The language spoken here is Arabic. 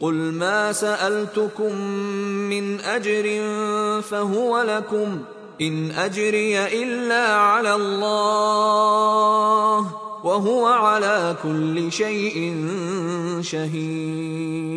قل ما سالتكم من اجر فهو لكم ان اجري الا على الله وهو على كل شيء شهيد